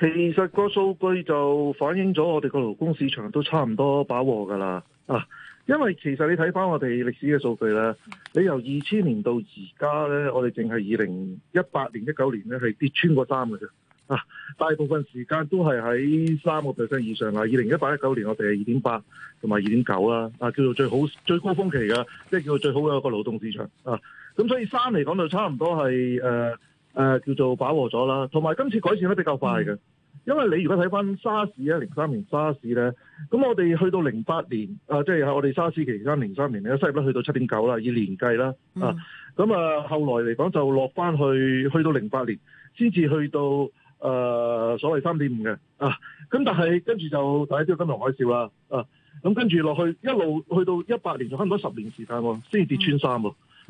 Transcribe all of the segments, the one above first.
其實個數據就反映咗我哋個勞工市場都差唔多飽和噶啦啊，因為其實你睇翻我哋歷史嘅數據咧，你由二千年到而家咧，我哋淨係二零一八年一九年咧係跌穿過三嘅啫啊，大部分時間都係喺三個 percent 以上啦啊。二零一八一九年我哋係二點八同埋二點九啦，啊叫做最好最高峰期嘅，即係叫做最好嘅一個勞動市場啊。咁所以三嚟講就差唔多係誒。呃誒、呃、叫做飽和咗啦，同埋今次改善得比較快嘅。嗯、因為你如果睇翻沙士咧，零三年沙士咧，咁我哋去到零八年，呃年，啊，即係我哋沙士期間零三年咧，失業率去到七點九啦，以年計啦，啊，咁啊，後來嚟講就落翻去，去到零八年先至去到誒、呃、所謂三點五嘅，啊，咁但係跟住就大家都要金融海嘯啦，啊，咁跟住落去一路去到一八年，仲差唔多十年時間先至跌穿三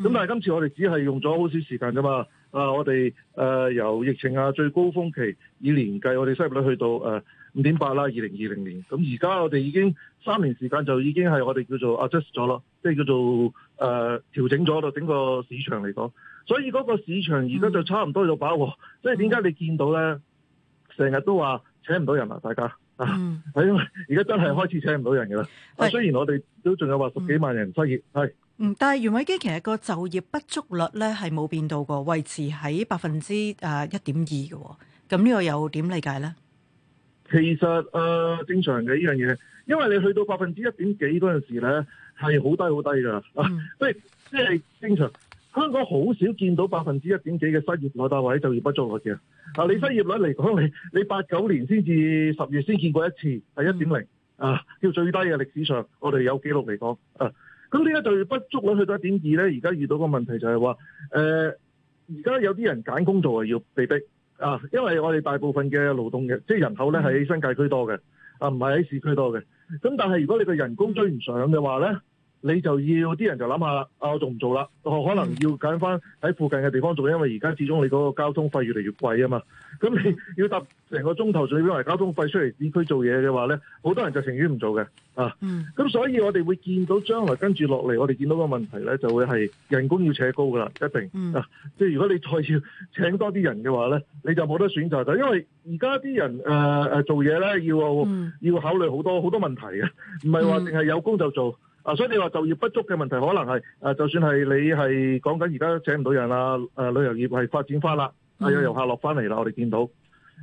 咁、嗯、但係今次我哋只係用咗好少時間啫嘛、啊，啊我哋誒、呃、由疫情啊最高峰期以年計，我哋失業率去到誒五點八啦，二零二零年。咁而家我哋已經三年時間就已經係我哋叫做 adjust 咗咯，即係叫做誒、呃、調整咗咯，整個市場嚟講。所以嗰個市場而家就差唔多有飽和。嗯、即係點解你見到咧，成日都話請唔到人啊，大家啊，係因為而家真係開始請唔到人噶啦。雖然我哋都仲有話十幾萬人失業，係、嗯。嗯嗯嗯，但係袁偉基，其實個就業不足率咧係冇變到過，維持喺百分之誒一點二嘅。咁呢個又點理解咧？其實誒、呃、正常嘅呢樣嘢，因為你去到百分之一點幾嗰陣時咧係好低好低㗎。啊，嗯、即係即係正常。香港好少見到百分之一點幾嘅失業率大，或者就業不足率嘅。啊，你失業率嚟講，你你八九年先至十月先見過一次係一點零啊，叫最低嘅歷史上，我哋有記錄嚟講啊。咁呢一對不足率去到一點二咧，而家遇到個問題就係話，誒，而家有啲人揀工作啊要被逼啊，因為我哋大部分嘅勞動嘅即係人口咧係喺新界區多嘅，啊唔係喺市區多嘅。咁但係如果你個人工追唔上嘅話咧？你就要啲人就諗下，啊，我做唔做啦？可能要揀翻喺附近嘅地方做，因為而家始終你嗰個交通費越嚟越貴啊嘛。咁你要搭成個鐘頭，就要為交通費出嚟市區做嘢嘅話咧，好多人就情願唔做嘅啊。咁、嗯、所以我哋會見到將來跟住落嚟，我哋見到個問題咧，就會係人工要扯高噶啦，一定、嗯、啊。即係如果你再要請多啲人嘅話咧，你就冇得選擇，就因為而家啲人誒誒、呃、做嘢咧要、嗯、要考慮好多好多問題嘅，唔係話淨係有工就做。嗯啊，所以你話就業不足嘅問題，可能係啊，就算係你係講緊而家請唔到人啦，誒、呃、旅遊業係發展翻啦，啊、嗯哎、有遊客落翻嚟啦，我哋見到。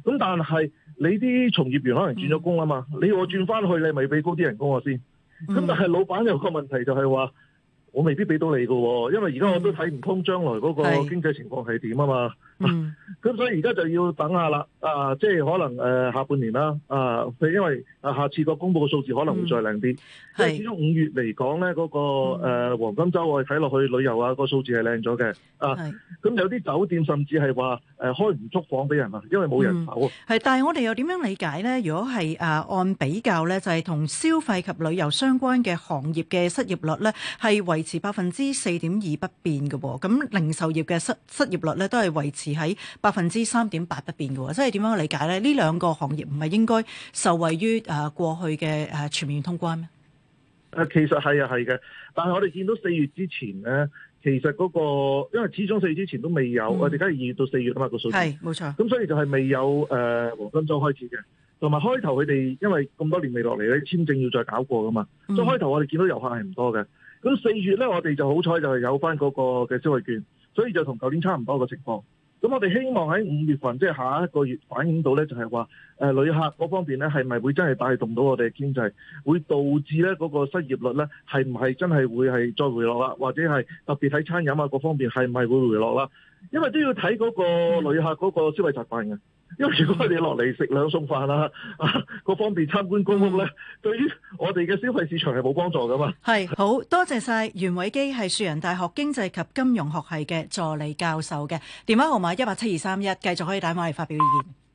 咁但係你啲從業員可能轉咗工啊嘛，嗯、你我轉翻去，你咪俾高啲人工我先。咁、嗯、但係老闆有個問題就係話。我未必俾到你嘅、哦，因為而家我都睇唔通將來嗰個經濟情況係點啊嘛。咁、嗯嗯啊、所以而家就要等下啦。啊，即係可能誒、呃、下半年啦。啊，因為啊下次個公佈嘅數字可能會再靚啲。係、嗯、始終五月嚟講咧，嗰、那個誒、呃、黃金周我哋睇落去旅遊啊、那個數字係靚咗嘅。啊，咁有啲酒店甚至係話誒，開唔足房俾人啊，因為冇人手。係，但係我哋又點樣理解咧？如果係誒、啊、按比較咧，就係、是、同消費及旅遊相關嘅行業嘅失業率咧，係維持百分之四點二不變嘅、哦，咁零售業嘅失失業率咧都係維持喺百分之三點八不變嘅、哦，即係點樣去理解咧？呢兩個行業唔係應該受惠於誒、呃、過去嘅誒、呃、全面通關咩？誒，其實係呀，係嘅，但係我哋見到四月之前咧，其實嗰個因為始終四月之前都未有，嗯、我哋而家係二月到四月啊嘛、個數據，係冇錯。咁所以就係未有誒黃金周開始嘅，同埋開頭佢哋因為咁多年未落嚟咧，簽證要再搞過噶嘛，再開頭我哋見到遊客係唔多嘅。嗯咁四月咧，我哋就好彩就係有翻嗰個嘅消費券，所以就同舊年差唔多嘅情況。咁我哋希望喺五月份，即係下一個月反映到咧，就係話誒旅客嗰方面咧，係咪會真係帶動到我哋經濟？會導致咧嗰個失業率咧，係唔係真係會係再回落啦？或者係特別喺餐飲啊嗰方面，係唔係會回落啦？因為都要睇嗰個旅客嗰個消費習慣嘅，因為如果我哋落嚟食兩餸飯啦，啊，各方面參觀公屋咧，嗯、對於我哋嘅消費市場係冇幫助噶嘛。係，好多謝晒袁偉基，係樹仁大學經濟及金融學系嘅助理教授嘅，電話號碼一八七二三一，繼續可以打電話嚟發表意見。